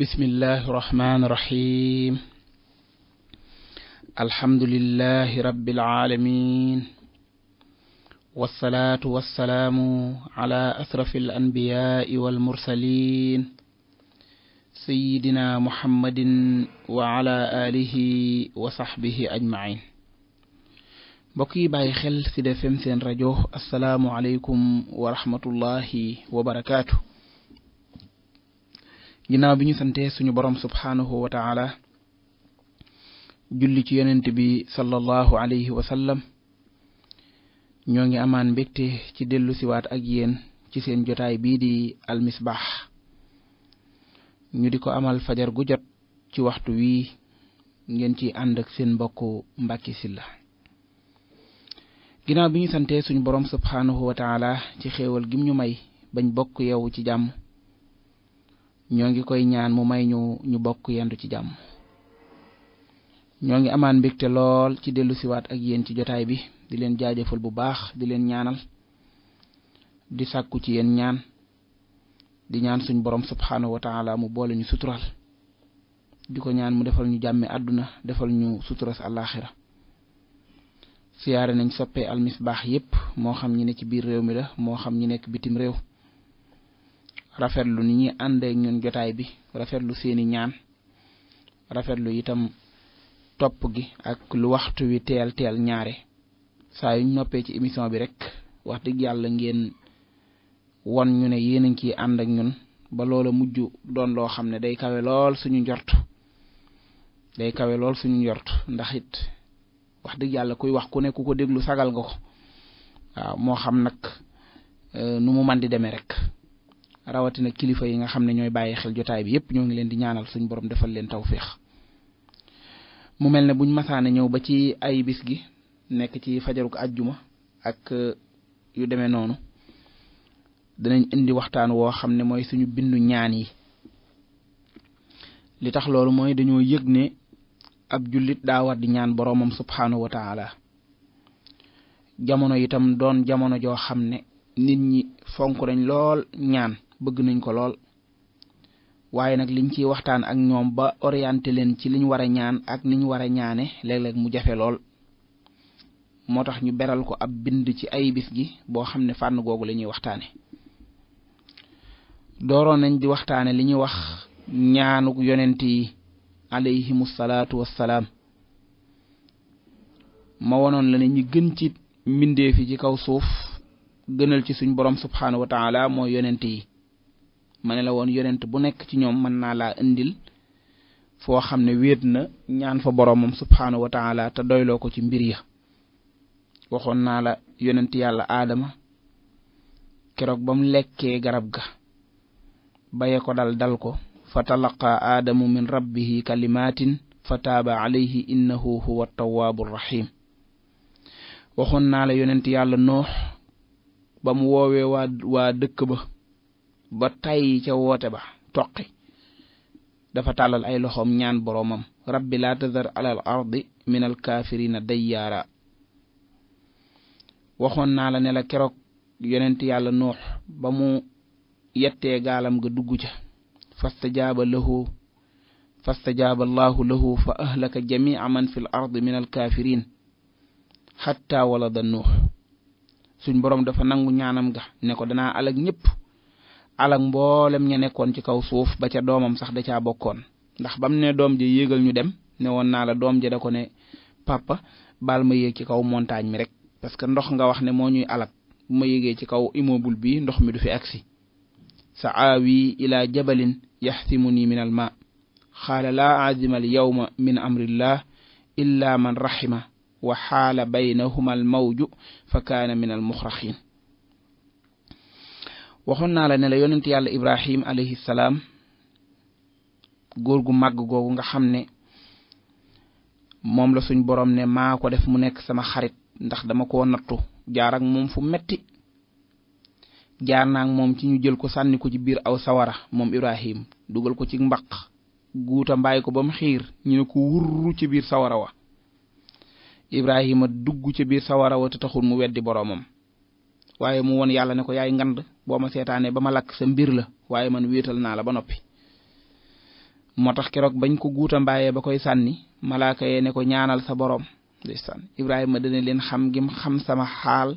بسم الله الرحمن الرحيم الحمد لله رب العالمين والصلاة والسلام على أشرف الأنبياء والمرسلين سيدنا محمد وعلى آله وصحبه أجمعين mbokk yi bàyyi xel Sud FM seen rajo asalaamualeykum wa rahmatullahi wa barakaatu. ginaaw bi ñu santee suñu borom subhaanahu wa taala julli ci yenent bi sallallahu alayhi wa sallam ñoo ngi amaan mbégte ci dellu siwaat ak yéen ci seen jotaay bii di almisbaax ñu di ko amal fajar gu jot ci waxtu wii ngeen ci ànd ak seen mbokku Mbàkke Sylla ginaaw bi ñu santee suñu borom subhaanahu wa taala ci xéewal gim ñu may bañ bokk yow ci jàmm ñoo ngi koy ñaan mu may ñu ñu bokk yendu ci jàmm ñoo ngi amaan mbégte lool ci dellu siwaat ak yéen ci jotaay bi di leen jaajëfal bu baax di leen ñaanal di sàkku ci yéen ñaan di ñaan suñ borom subxanahu mu boole ñu sutural di ko ñaan mu defal ñu jàmme àdduna defal ñu suturas àllaaxira siyaare nañ soppee almisbaax yépp moo xam ñi ne ci biir réew mi la moo xam ñi nekk bitim réew rafetlu ni ñuy àndeek ñun jotaay bi rafetlu seeni ñaan rafetlu itam topp gi ak lu waxtu wi teel teel ñaare saa yuñ noppee ci émission bi rek wax dëgg yàlla ngeen won ñu ne yéen a ngi ciy ànd ñun ba loola mujj doon loo xam ne day kawe lool suñu njort day kawe lool suñu njort ndax it wax dëgg yàlla kuy wax ku ne ku ko déglu sagal nga ko waaw moo xam nag euh, nu mu man di demee rek rawatina kilifa yi nga xam ne ñooy bàyyi xel jotaay bi yépp ñoo ngi leen di ñaanal suñ borom defal leen tawféex mu mel ne buñ masaane ñëw ba ci ay bis gi nekk ci fajaruk ajjuma ak euh, yu demee noonu danañ indi waxtaan woo xam ne mooy suñu bindu ñaan yi li tax loolu mooy dañoo yëg ne ab jullit daa war di ñaan boroomam subhaanahu wa jamono itam doon jamono joo xam ne nit ñi fonk nañ lool ñaan bëgg nañ ko lool waaye nag liñ ciy waxtaan ak ñoom ba orienté leen ci liñ war a ñaan ak niñ war a ñaane léeg mu jafe lool moo tax ñu beral ko ab bind ci ay bis gi boo xam ne fànn googu lañuy ñuy waxtaane dooroon nañ di waxtaane li ñuy wax ñaanuk yonent yi alayhimu salaatu wassalaam ma wonoon la ne ñi gën ci mbindeef yi ci kaw suuf gënal ci suñ borom subhaanahu wa mooy yonent yi ma la woon yonent bu nekk ci ñoom mën naa laa indil foo xam ne wéet na ñaan fa boroomam subhaanahu wa te doyloo ko ci mbir ya waxoon naa la yonent yàlla aadama keroog ba mu lekkee garab ga baye ko dal dal ko fa talaqa aadamu min rabbihi kalimaatin fa taaba alayhi innahu huwa tawaabu rahim waxoon naa la yonent yàlla noox ba mu woowee waa dëkk ba ba tay ca woote ba toqi dafa tàllal ay loxoom ñaan boroomam rabbi laa tadar alal ardi min al kaafirina dayyaara waxoon naa la ne la keroog yonent yàlla nuux ba mu yettee gaalam ga dugg ca fastajaaba lahu fastajaaba allahu lahu fa ahlaka jamia man fi ardi min al kaafirin xatta walada nuux suñ boroom dafa nangu ñaanam ga ne ko danaa alag ñëpp alak mboolem ña nekkoon ci kaw suuf ba ca doomam sax da caa bokkoon ndax ba mu ne doom ji yéegal ñu dem ne woon naa la doom ji da ko ne papa baal ma yéeg ci kaw montagne mi rek parce que ndox nga wax ne moo ñuy alak bu ma yéegee ci kaw immeuble bi ndox mi du fi agsi sa aawi ila jabalin yaxtimuni min al ma xaala laa azima al yawma min amrillah illa man raxima wa xaala baynahuma al mawju fa kaana min al muxraxin waxoon naa la ne la yonent yàlla ibrahim alayhi salaam góor gu màgg googu nga xam ne moom la suñ boroom ne maa ko def mu nekk sama xarit ndax dama koo nattu jaar ak moom fu metti jaar naag moom ci ñu jël ko sànni ko ci biir aw sawara moom ibrahim dugal ko ci mbaq guuta mbaay ko ba mu xiir ñu ne ko wurru ci biir sawara wa ibrahima dugg ci biir sawara wa te taxul mu weddi boroomam waaye mu won yàlla ne ko yaay ngand boo ma seetaanee ba ma lakk sa mbir la waaye man wéetal naa la ba noppi moo tax keroog bañ ko guuta mbaayee ba koy sànni malaaka yee ne ko ñaanal sa boroom ndeysaan Ibrahima dana leen xam gim xam sama xaal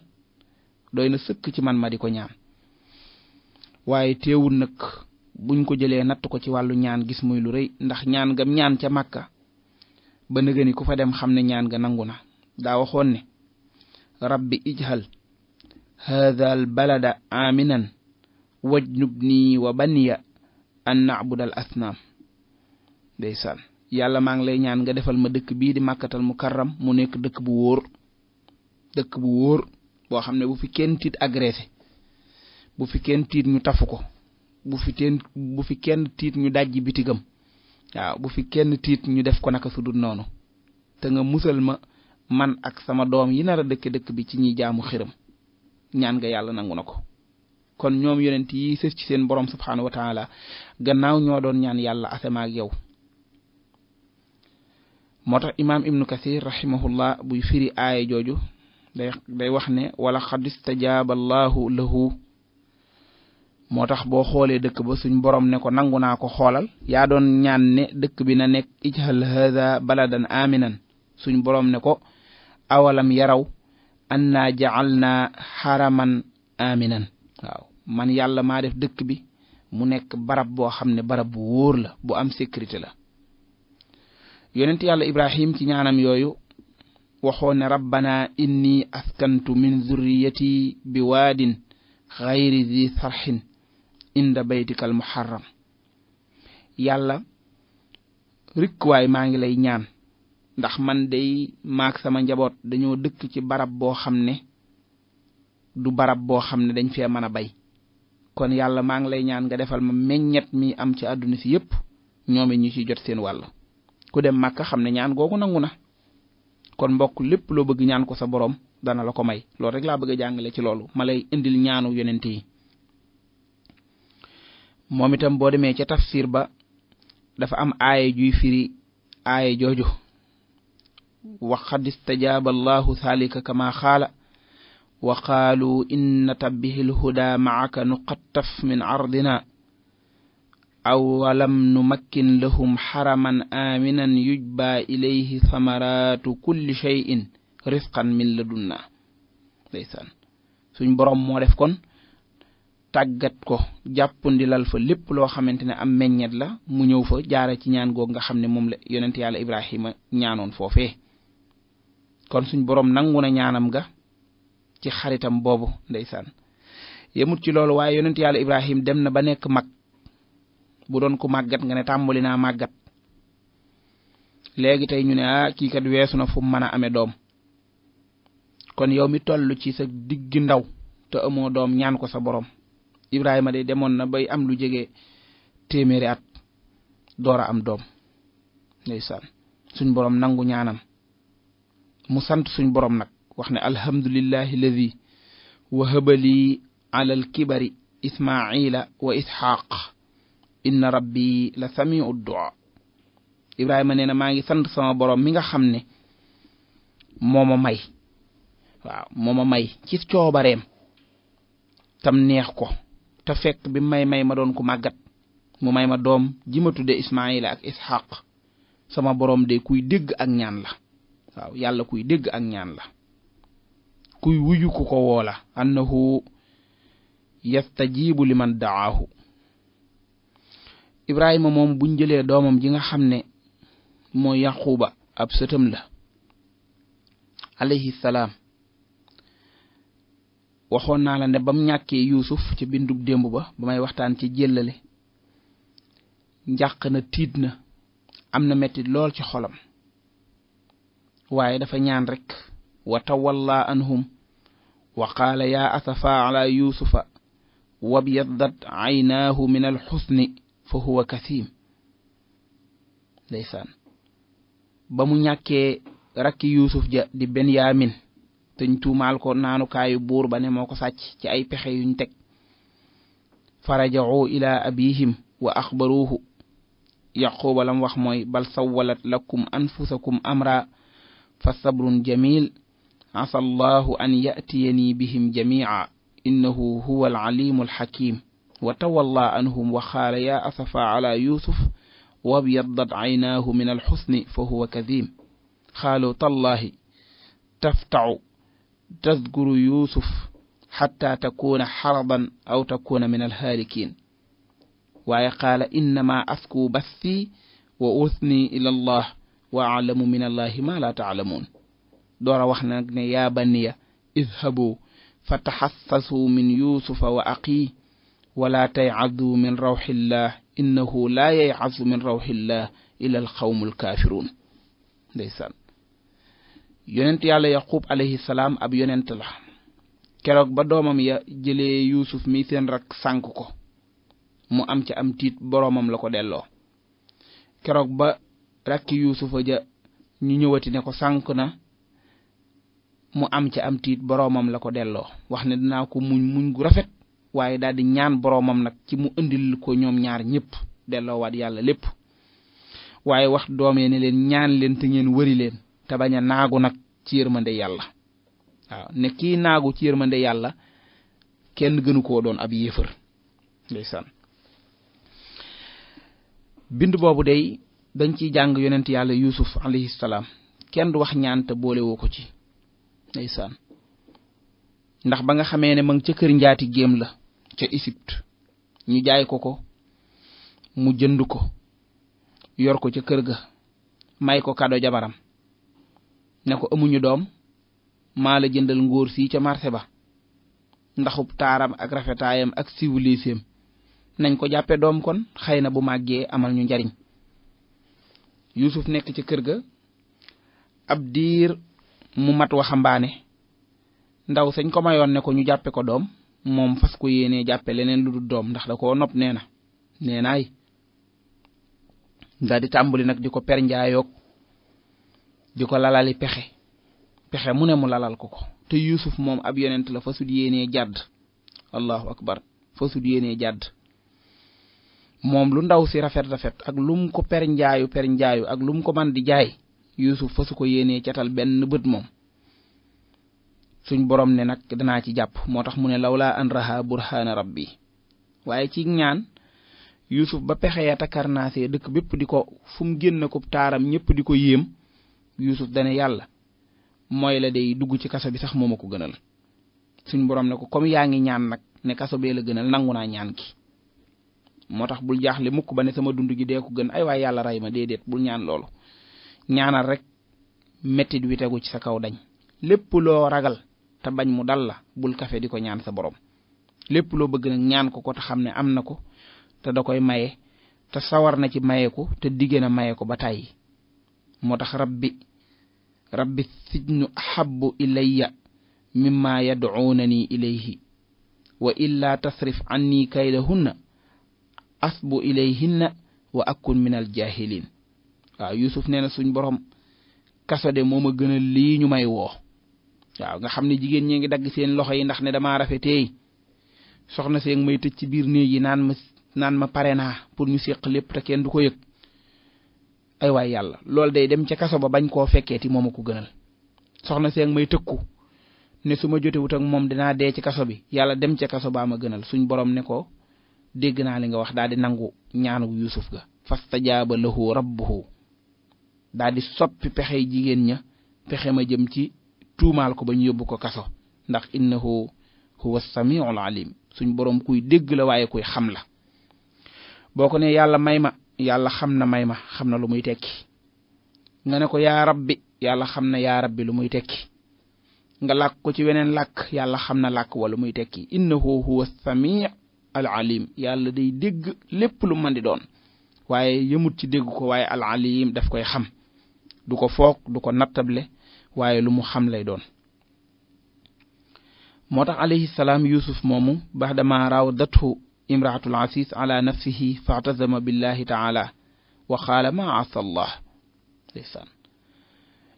doy na sëkk ci man ma di ko ñaan waaye teewul nag buñ ko jëlee natt ko ci wàllu ñaan gis muy lu rëy ndax ñaan gam ñaan ca Makka ba nëgëni ku fa dem xam ne ñaan ga nangu na daa waxoon ne rabbi ijhal haada albalada aaminan wajnubnii wa baniya an nacbuda al asnaam ndeysaan yàlla maa ngi lay ñaan nga defal ma dëkk bii di màkkatal mukarram mu nekk dëkk bu wóor dëkk bu wóor boo xam ne bu fi kenn tiit agressé bu fi kenn tiit ñu tafu ko bu kenn tiit ñu dajji bitigam waaw bu fi kenn tiit ñu def ko nag su dul noonu te nga musal ma man ak sama doom yi nar dëkk dëkk bi ci ñuy jaamu xiram ñaan nga yàlla nangu na ko kon ñoom yonent yi sës ci seen borom subxanahu wa taala gannaaw ñoo doon ñaan yàlla asama ak yow moo tax imaam ibnu kasir rahimahullah buy firi aaya jooju day wax ne wala xad istajaaba allahu lahu moo tax boo xoolee dëkk ba suñ borom ne ko nangu naa ko xoolal yaa doon ñaan ne dëkk bi na nekk ijhal hadha baladan aminan suñ borom ne ko awalam yaraw annaa ja'alnaa xaraman aminan man yàlla maa def dëkk bi mu nekk barab boo xam ne barab bu wóor la bu am sécurité la yonent yàlla ibrahim ci ñaanam yooyu waxoon ne rabbana inni askantu min zurriyati bi waadin xayri zi inda baytikal muharram yàlla rikkuwaay maa ngi lay ñaan ndax man day maak sama njaboot dañoo dëkk ci barab boo xam ne du barab boo xam ne dañ fee mën a bay kon yàlla maa ngi lay ñaan nga defal ma meññet mi am ci àdduna si yépp ñoom ñu ci jot seen wàll ku dem màkk xam ne ñaan googu nangu na kon mbokk lépp loo bëgg ñaan ko sa borom dana la ko may loolu rek laa bëgg a jàngale ci loolu ma lay indil ñaanu yonent yi moom itam boo demee ca fiir ba dafa am aaye juy firi aaye jooju wa qad istajaaba allahu thalika kama xaala wa qaalu inna tabbihi lhuda macaka nuqattaf min ardina awalam numakkin lahum xaraman aaminan yujbaa ilayhi samaraatu kulli cheyin risqan min ladunna ndeysaan suñ boroom moo def kon tàggat ko jàppandilal fa lépp loo xamante ne am meññet la mu ñëw fa jaara ci ñaan goog nga xam ne moom la yonent yàlla Ibrahima ñaanoon foofee kon suñ boroom nangu na ñaanam ga ci xaritam boobu ndeysaan yemut ci loolu waaye yonent yàlla Ibrahim dem na ba nekk mag bu doon ko màggat nga ne tàmbali naa màggat léegi tey ñu ne ah kii kat weesu na fu mu mën a amee doom kon yow mi toll ci sa digg ndaw te amoo doom ñaan ko sa boroom Ibrahima de demoon na bay am lu jege téeméeri at door a am doom ndeysaan suñ boroom nangu ñaanam mu sant suñ boroom nag wax ne alhamdulillahi alladi wahabalii ala alkibari ismaila wa isxaq inna rabbi la samiu du'a ibrahima nee na maa ngi sant sama boroom mi nga xam ne moo ma may waaw moo ma may ci coobareem tam neex ko te fekk bi may may ma doon ko màggat mu may ma doom ji ma tudde ismaila ak isxaq sama borom de kuy dégg ak ñaan la waaw yàlla kuy dégg ak ñaan la kuy wuyu ku ko woo la annahu yastajibu liman daahu ibrahima moom buñ jëlee doomam ji nga xam ne mooy yàquba ab sëtam la alayhi salaam waxoon naa la ne bam ñàkkee yuusuf ca bindub démb ba ba may waxtaan ci jëllale njàq na tiit na am na mettit lool ci xolam waaye dafa ñaan rekk wa tawalla anhum wa qaala yaa asafa ala yuusufa wabyaddat aynaahu min alxusni fa huwa kasiim ba mu ñàkkee rakki yuusuf ja di benyamin teñ tuumaal ko naanukaayu buur ba ne moo ko sàcc ci ay pexe yuñ teg faraja'u ila abihim wa axbaruuhu yaquuba lam wax mooy bal sawwalat lakum anfusakum amra fa sabrun jamil asa allahu an yatiyanii bihim jamica innahu huwa alcalimu alxakim wa tawalla anhum wa xaala ya asafa ala yusuf wabyaddat caynaahu min alxusni fa huwa kadim xaalu tallahi taftacu tadkuru yusuf xatta takuuna xaradan aw takuuna min alhaalikiin waaye qaala innamaa askuu bassii wa usnii ila allah wa alamu min allahi ma la taalamuun door a wax nag ne yaa baniya idhabu fa taxassasu min yusufa wa aqi wala taycazu min rawxillah innahu laa yaycazu min rawxillah ila alqawmu alkaafiruun ndeysaan yonent yàlla yaqub alayhi salaam ab yonent la keroog ba doomam ya jëlee yuusuf mi seen rak sànk ko mu am ca am tiit boroomam la ko delloo rakki yuusufa ja ñu ñëwati ne ko sànq na mu am ca am tiit boroomam la ko delloo wax ne dinaa ko muñ muñ gu rafet waaye daal di ñaan boroomam nag ci mu indil ko ñoom ñaar ñëpp delloowaat yàlla lépp waaye wax doomee ne leen ñaan leen te ngeen wëri leen te bañ naagu nag ci yërmande yàlla waaw ne kii naagu ci yërmande yàlla kenn gënu koo doon ab yéefar bind boobu day dañ ciy jàng yonent yàlla yusuf alayhi salaam kenn du wax ñaanta te boolewoo ko ci ndeysaan ndax ba nga xamee ne ma ngi ca kër njaati géem la ca Égypte ñu jaay ko ko mu jënd ko yor ko ca kër ga may ko kado jabaram ne ko amuñu doom maa la jëndal ngóor sii ca marché ba ndaxub taaram ak rafetaayam ak siwliiseem nañ ko jàppe doom kon xëy na bu màggee amal ñu njariñ yusuf nekk ca kër ga ab diir mu mat waxambaane ndaw sañ ko mayoon ne ko ñu jàppe ko doom moom fas ko yéenee jàppe leneen lu dul doom ndax da koo nopp nee na nee naay daal di tàmbali nag di ko pernjaayoog di ko lalali pexe pexe mu ne mu lalal ko ko te yusuf moom ab yonent la fa sud yéenee jàdd allahu akbar fa sud yéenee jàdd moom lu ndaw si rafet rafet ak lu lum ko per njaayu per njaayu ak lu mu ko man di jaay Yuusuf su ko yéenee catal benn bët moom suñ borom ne nag danaa ci jàpp moo tax mu ne lawlaa an raha rab bi waaye ci ñaan Yuusuf ba pexe naa takarnaasee dëkk bépp di ko fu génn ko taaram ñëpp di ko yéem Yuusuf dane yàlla mooy la day dugg ci kaso bi sax moom ma ko gënal suñ borom ne ko comme yaa ngi ñaan nag ne kaso bee la gënal nangu naa ñaan ki moo tax bul jaaxle mukk ba ne sama dund gi dee ko gën ay waay yàlla rey ma déedéet bul ñaan loolu ñaanal rek mettit wi tegu ci sa kaw dañ lépp loo ragal te bañ mu dal la bul kafe di ko ñaan sa borom lépp loo bëgg nag ñaan ko ko te xam ne am na ko te da koy maye te sawar na ci maye ko te digge na maye ko ba tàyyi moo tax rabbi rabbi sijnu ahabbu ilayya mimma yad'unani ilayhi wa illa tasrif anni kaydahunna asbu ilayhinna wa akun min al jahilin waaw Yuusuf nee na suñ borom kaso de moom a gën lii ñu may woo waaw nga xam ne jigéen ñi ngi dagg seen loxo yi ndax ne damaa rafetee soxna seen may tëj ci biir néeg yi naan ma naan ma pare naa pour ñu séq lépp te kenn du ko yëg ay waay yàlla loolu day dem ca kaso ba bañ koo fekkeeti moom a ko gënal soxna seeg may tëkku ne su ma jotewut ak moom dinaa dee ci kaso bi yàlla dem ca kaso baa ma gënal suñ borom ne ko dégg naa li nga wax daal di nangu ñaanu Yuusuf ga fastajaaba lahu rabbuhu daal di soppi pexe jigéen ña pexe ma jëm ci tuumaal ko ba ñu yóbbu ko kaso ndax innahu huwa samiul alim suñ boroom kuy dégg la waaye kuy xam la boo ko ne yàlla may ma yàlla xam na may ma xam na lu muy tekki nga ne ko yaa rabbi yàlla xam na yaa rabbi lu muy tekki nga làkk ko ci weneen làkk yàlla xam na làkk wala muy tekki innahu huwa sami alalim yàlla day dégg lépp lu mën di doon waaye yëmut ci dégg ko waaye alalim daf koy xam du ko fook du ko nattable waaye lu mu xam lay doon moo tax alayhi salaam yusuf moomu baxdama raawdathu imraatul asis ala nafsihi faatazama billahi taala wa qaala ma asa allah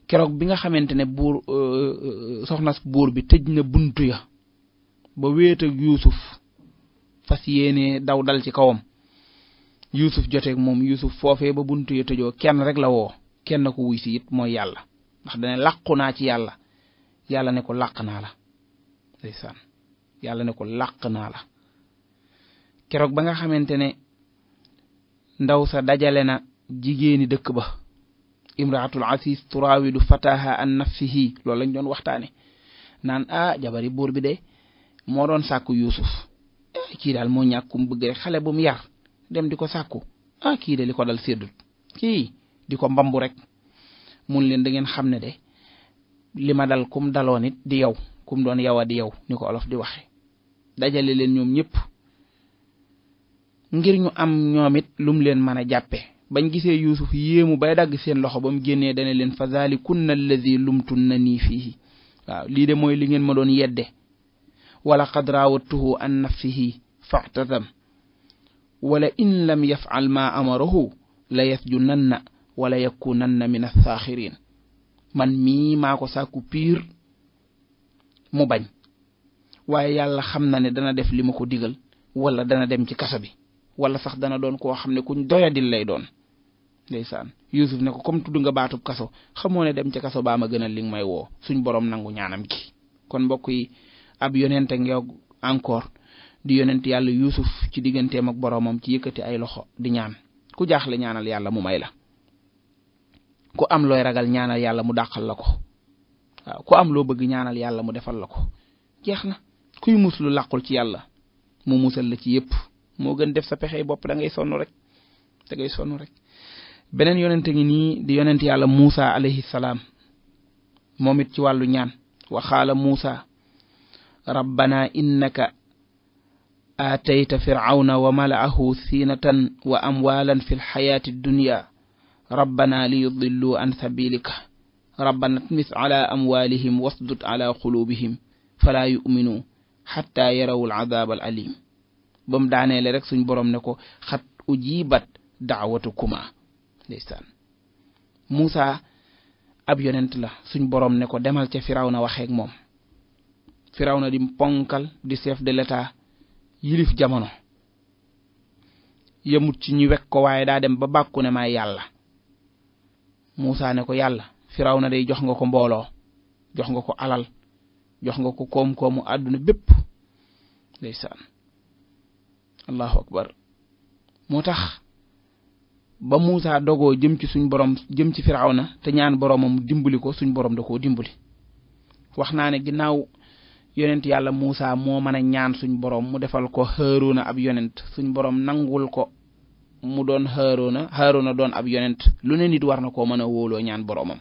keroog bi nga xamante ne buur euh, euh, soxnas buur bi tëj na buntu ya ba wéet yuusuf fas yéenee daw dal ci kawam yuusuf joteeg moom yuusuf foofee ba buntu ya kenn rek la woo kenn ko wuy si it mooy yàlla ndax dane làqu naa ci yàlla yàlla ne ko làq naa la ndeysaan yàlla ne ko làq naa la keroog ba nga xamante ne ndaw sa dajale na jigéeni dëkk ba imraatul asis turaawidu fataha an nafsihi loolu lañ doon waxtaane naan ah jabari buur bi de moo doon sàkku yuusuf kii daal moo ñàkk mu bëgg rek xale bu mu yar dem di ko sàkku ah kii de li ko dal séddut kii di ko mbambu rek mun leen da ngeen xam ne de li ma dal kum daloon it di yow kum doon yow di yow ni ko olof di waxe dajale leen ñoom ñëpp ngir ñu am ñoom it lum leen mën a jàppe bañ gisee yuusuf yéemu bay dagg seen loxo ba génnee dana leen fa zalikunna allazi na nii fii waaw lii de mooy li ngeen ma doon yedde wala qad raawattuhu a nafsihi faxtasam wala in lam yafal ma amarahu la yasjunanna wala na min assaaxirin man mii maako ko piir mu bañ waaye yàlla xam na ne dana def li ma ko digal wala dana dem ci kaso bi wala sax dana doon koo xam ne kuñ doyadil lay doon ndeysaan Yuusuf ne ko comme tudd nga baatub kaso xamoo ne dem ci kaso baa ma gënal li nga may woo suñ borom nangu ñaanam ki kon mbokk ab yonent ak encore di yonent yàlla yusuf ci digganteem ak boroomam ci yëkkati ay loxo di ñaan ku jaaxle ñaanal yàlla mu may la ku am looy ragal ñaanal yàlla mu dàqal la ko ku am loo bëgg ñaanal yàlla mu defal la ko jeex na kuy muslu làqul ci yàlla mu musal la ci yépp moo gën def sa pexey bopp da ngay sonn rek da ngay sonn rek beneen yonente ngi nii di yonent yàlla muusa alayhi salaam moom ci wàllu ñaan waxaala muusa rabbana innaka aatayta fircawna wa malaahu siinatan wa amwaalan fi lxayaati dunya rabbana liyudilluu an sabilika rabbana tmis ala amwaalihim wasdud ala quluubihim falaa yuminuu xatta yarawu alcadaab alim ba mu rek suñ boroom ne ko xat ujibat daawatu la suñ boroom ne ko demal ca Firawna waxeek moom Firawna di ponkal di seef de l'État yilif jamono yemut ci ñu wekk ko waaye daa dem ba bàkku ne maay yàlla Muusaa ne ko yàlla Firawna day jox nga ko mbooloo jox nga ko alal jox nga ko koom-koomu àdduna bépp ndeysaan allahu akbar moo tax ba Muusaa dogoo jëm ci suñ borom jëm ci Firawna te ñaan boromam dimbali ko suñ borom da koo dimbali wax naa ne ginnaaw yonent yàlla Muusa moo man a ñaan suñ borom mu defal ko Haaruna ab yonent suñ boroom nangul ko mu doon Haaruna Haaruna doon ab yonent lu ne nit war na koo mën a wóoloo ñaan boroomam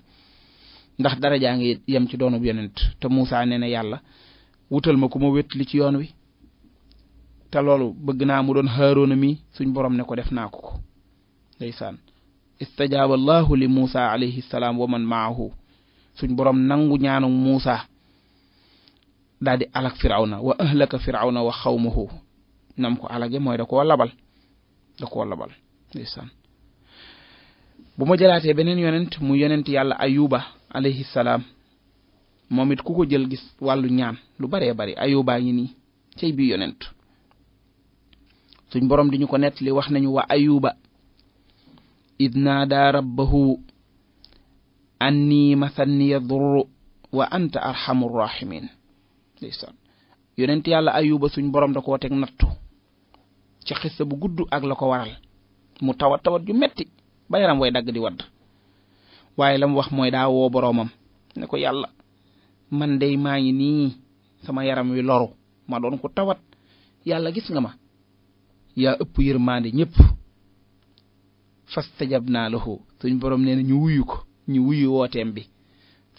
ndax dara jaa ngi yem ci doonub yonent te Muusa nee na yàlla wutal ma ku ma wét li ci yoon wi te loolu bëgg naa mu doon Haaruna mii suñ borom ne ko def naa ko ko ndeysaan istajaaba allahu li Muusa alayhi salaam man maahu suñ boroom nangu ñaanu Muusa daal di alak firawna wa ahlaka firawna wa xawmahu nam ko alage mooy da labal da labal bu ma jëlaatee beneen yonent mu yonent yàlla ayuba alayhi salaam moom ku ko jël gis wàllu ñaan lu baree bari ayubaa ngi nii bi yonent suñ boroom di ñu ko nett li wax nañu wa ayuba id naada rabbahu anni masanniya durru wa anta arhamu rahimin ndeysaan yonent yàlla ayuba suñ borom da koo teg nattu ci xissa bu gudd ak la ko waral mu tawat tawat ju metti ba yaram way dagg di wadd waaye la mu wax mooy daa woo boroomam ne ko yàlla man dey maa ngi nii sama yaram wi loru ma doon ko tawat yàlla gis nga ma yaa ëpp yërmaande ñëpp fastajab naa lahu suñ borom nee na ñu wuyu ko ñu wuyu wooteem bi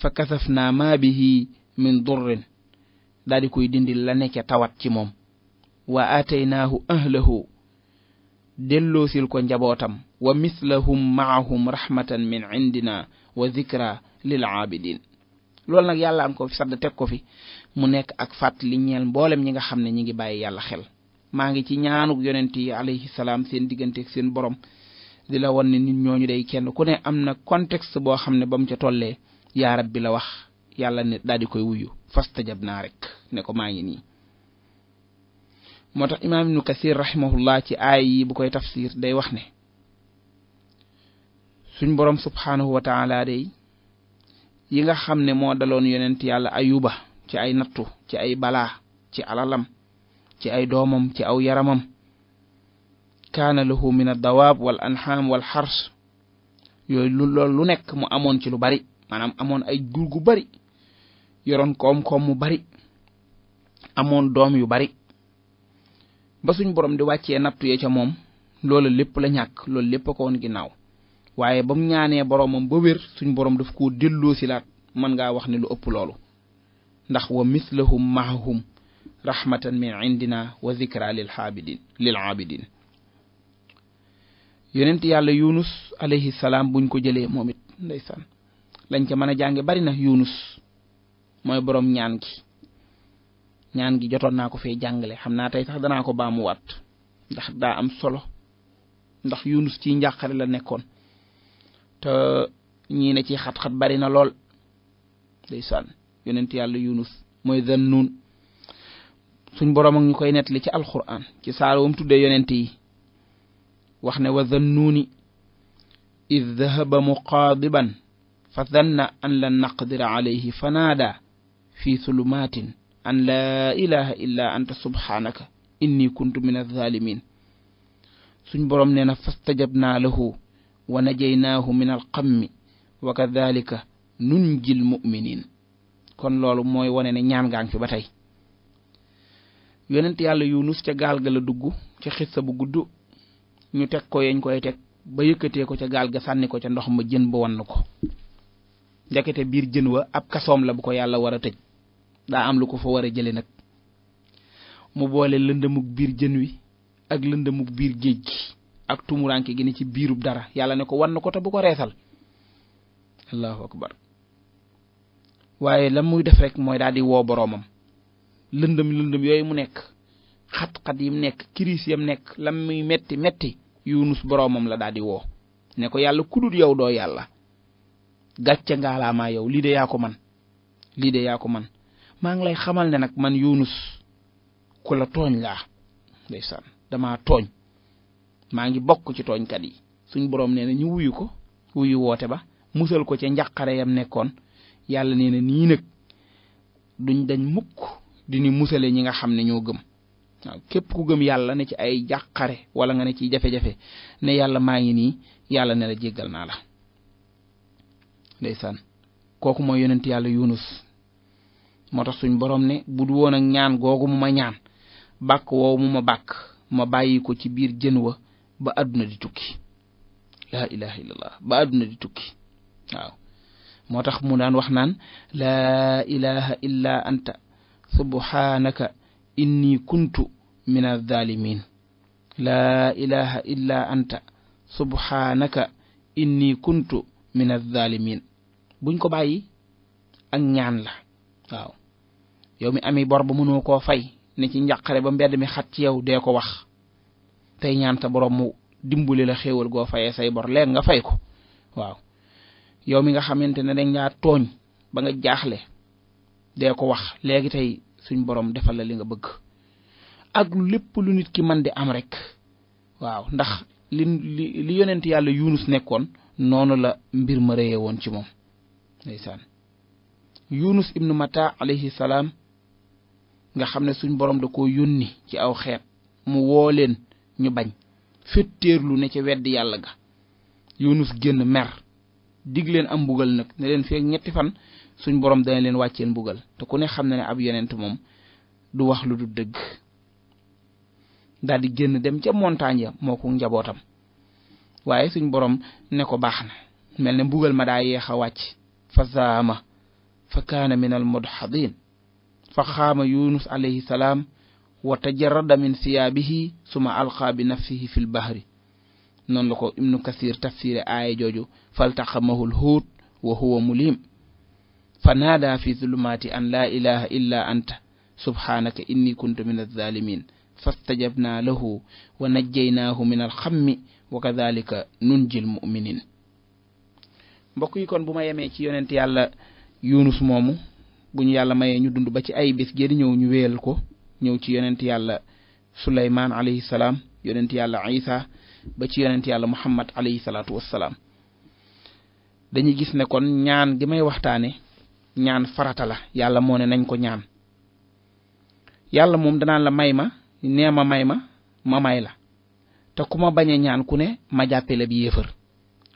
fa kasaf naa maa bihi min durrin daal koy dindi la nekke tawat ci moom wa aataynaahu ahlahu delloosil ko njabootam wa mislahum maahum rahmatan min indina wa zikra lil aabidin loolu nag yàlla am ko fi teg ko fi mu nekk ak fàttali ñeel mboolem ñi nga xam ne ñi ngi bàyyi yàlla xel maa ngi ci ñaanuk yonent yi alayhi salaam seen diggante seen borom di la won ne nit ñooñu day kenn ku ne am na context boo xam ne ba mu ca tollee yaa rabbi la wax yàlla ne daal di koy wuyu fastajab naa rek ne ko maa ngi nii moo tax imaam ibnu rahimahullah ci aay yi bu koy tafsir day wax ne suñ borom subhaanahu wa day yi nga xam ne moo daloon yonent yàlla ayuba ci ay nattu ci ay balaa ci alalam ci ay doomam ci aw yaramam kaana lahu min addawaab wal anxaam wal xars yooyu lu lu nekk mu amoon ci lu bari maanaam amoon ay jur gu bari yoroon koom-koom mu bari amoon doom yu bari ba suñ boroom di wàccee nattu ya ca moom loolu lépp la ñàkk loolu lépp a ko woon ginnaaw waaye ba mu ñaanee boromam ba wér suñ boroom daf ko delloo si laat mën ngaa wax ne lu ëpp loolu ndax wa mislahum mahahum rahmatan min indina wa zikra lil xaabidin lil aabidin yonent yàlla yunus alayhi salaam buñ ko jëlee moom it ndeysaan lañ ca mën a jànge bari na yunus mooy borom ñaan ki ñaan gi jotoon naa ko fee jàngale xam na tey sax danaa ko baamuwaat ndax daa am solo ndax Yunus ci njàqare la nekkoon te ñii ci xat-xat bari na lool day sànn yonent yàlla Yunus mooy Zannun suñ boroom ak ñu koy nettali ci alquran ci saar wam tuddee yonent yi wax ne wa Zannuuni id dahaba muqaadiban fa zanna an lan naqdira alayhi fa fi sulumatin an laa ilaha illa anta subhanaka inni kuntu min alzalimin suñ boroom nee na fastajabnaa lahu wa najaynaahu min alxammi wa kadalika nunjil muminin kon loolu mooy wane ne ñaan ngaa ngi fi ba tey yonent yàlla yunus ca gaal ga la dugg ci sa bu gudd ñu teg ko yeñ koy teg ba yëkkatee ko ca gaal ga sànni ko ca ndox ma jën ba wan ko ndekete biir jën wa ab kasom la bu ko yàlla war a tëj daa am lu ko fa war a jële nag mu boole lëndëmug biir jën wi ak lëndëmug biir géej gi ak tumuranke gi ne ci biirub dara yàlla ne ko wan na ko te bu ko reesal allahu akbar waaye la muy def rek mooy daal di woo boroomam lëndëm lëndëm yooyu mu nekk xat-xat yi mu nekk kiris yam nekk la muy metti metti yunus boroomam la daal di woo ne ko yàlla ku yow doo yàlla gàcce ngaalaamaa yow lii de yaa ko man lii de yaa ko man maa ngi lay xamal ne nag man Yunus ku la tooñ laa ndeysaan dama tooñ maa ngi bokk ci tooñkat yi suñ boroom nee na ñu wuyu ko wuyu woote ba musal ko ca njaqare yam nekkoon yàlla nee na nii nag duñ dañ mukk di ni musalee ñi nga xam ne ñoo gëm waaw képp ku gëm yàlla ne ci ay jàqare wala nga ne ciy jafe-jafe ne yàlla maa ngi nii yàlla ne la jéggal naa la ndeysaan kooku mooy yonent yàlla Yunus moo tax suñ borom ne bu du woon ak ñaan googu mu ma ñaan bàkk woow mu ma bàkk ma bàyyi ko ci biir jën wa ba àdduna di tukki laa ilaha illallah ba àdduna di tukki moo tax mu daan wax naan laa ilaha illa anta subhanaka inni kuntu min az-zalimin laa ilaha buñ ko bàyyi ak ñaan la yow mi ami bor ba mënoo koo fay ni ci njàqare ba mbedd mi xat ci yow dee ko wax tey ñaan sa borom mu dimbali la xéewal goo fayee say bor leen nga fay ko waaw yow mi nga xamante ne dañ laa tooñ ba nga jaaxle dee ko wax léegi tey suñ borom defal la li nga bëgg ak lépp lu nit ki man di am rek waaw ndax li li li yonent yàlla yunus nekkoon noonu la mbir ma réye woon ci moom ndeysaan yunus ibnu mata alayhi nga xam ne suñ borom da ko yónni ci aw xeet mu woo leen ñu bañ féttéerlu ne ca weddi yàlla ga yonus génn mer dig leen am mbugal nag ne leen feek ñetti fan suñ borom dana leen wàcceel mbugal te ku ne xam ne ne ab yeneent moom du wax lu du dëgg daldi di génn dem ca montagne ya moo ko njabootam waaye suñ borom ne ko baax na mel ne mbugal ma daa yeex a wàcc fa zaama fa kaana min al fa xaama yunus alayhi salaam wa tajarrada min siyaabihi suma alqaa bi nafsihi bahri noonu la ko ibnu kasir tafsire aaya jooju faltaxamahul huut wa huwa mulim fa naada fi zulumaati an laa ilaha illa anta subhaanaka inni kuntu min alzalimin fastajabna lahu wa najjaynaahu min alxammi wa bu ma yemee ci yonent yunus moomu bu ñu yàlla mayee ñu dund ba ci ay bis génn ñëw ñu wéyal ko ñëw ci yonent yàlla suleymaan alayhi salaam yonent yàlla isa ba ci yonent yàlla muhammad alayhi salaatu wassalaam dañuy gis ne kon ñaan gi may waxtaane ñaan farata la yàlla moo ne nañ ko ñaan yàlla moom danaan la may ma nee ma may ma ma may la te ku ma bañ ñaan ku ne ma jàppe la bi yéefar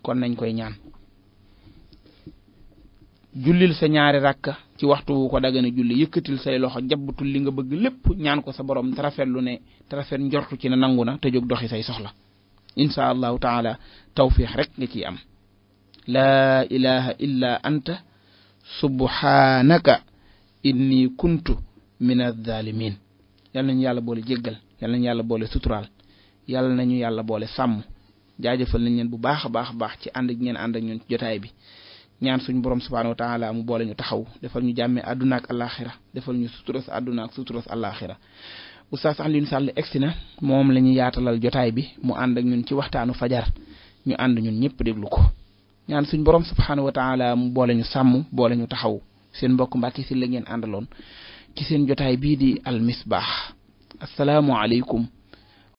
kon nañ koy ñaan jullil sa ñaari rakka ci waxtu wu ko dagana julli yëkkatil say loxo jabbatul li nga bëgg lépp ñaan ko sa borom te rafetlu ne te rafet njortu ci ne nangu na te jóg doxi say soxla insha allahu taala tawfiix rek nga ciy am laa ilaha illa anta subhanaka inni kuntu min azzalimin yal nañu yàlla boole jéggal yal nañu yàlla boole suturaal yal ñu yàlla boole sàmm jaajëfal nañ leen bu baax a baax a baax ci ànd ak ngeen ànd ak ñun jotaay bi ñaan suñu borom subhaanahu wa taala mu boole ñu taxaw defal ñu jàmmee àdduna ak defal ñu suturas àdduna ak suturas àllaaxira Oustaz Alioune Sall egsi na moom la ñu yaatalal jotaay bi mu ànd ak ñun ci waxtaanu fajar ñu ànd ñun ñëpp déglu ko ñaan suñu borom subhaanahu wa taala mu boole ñu sàmm boole ñu taxaw seen mbokk Mbàkke si la ngeen àndaloon ci seen jotaay bii di Al Misbah asalaamualeykum.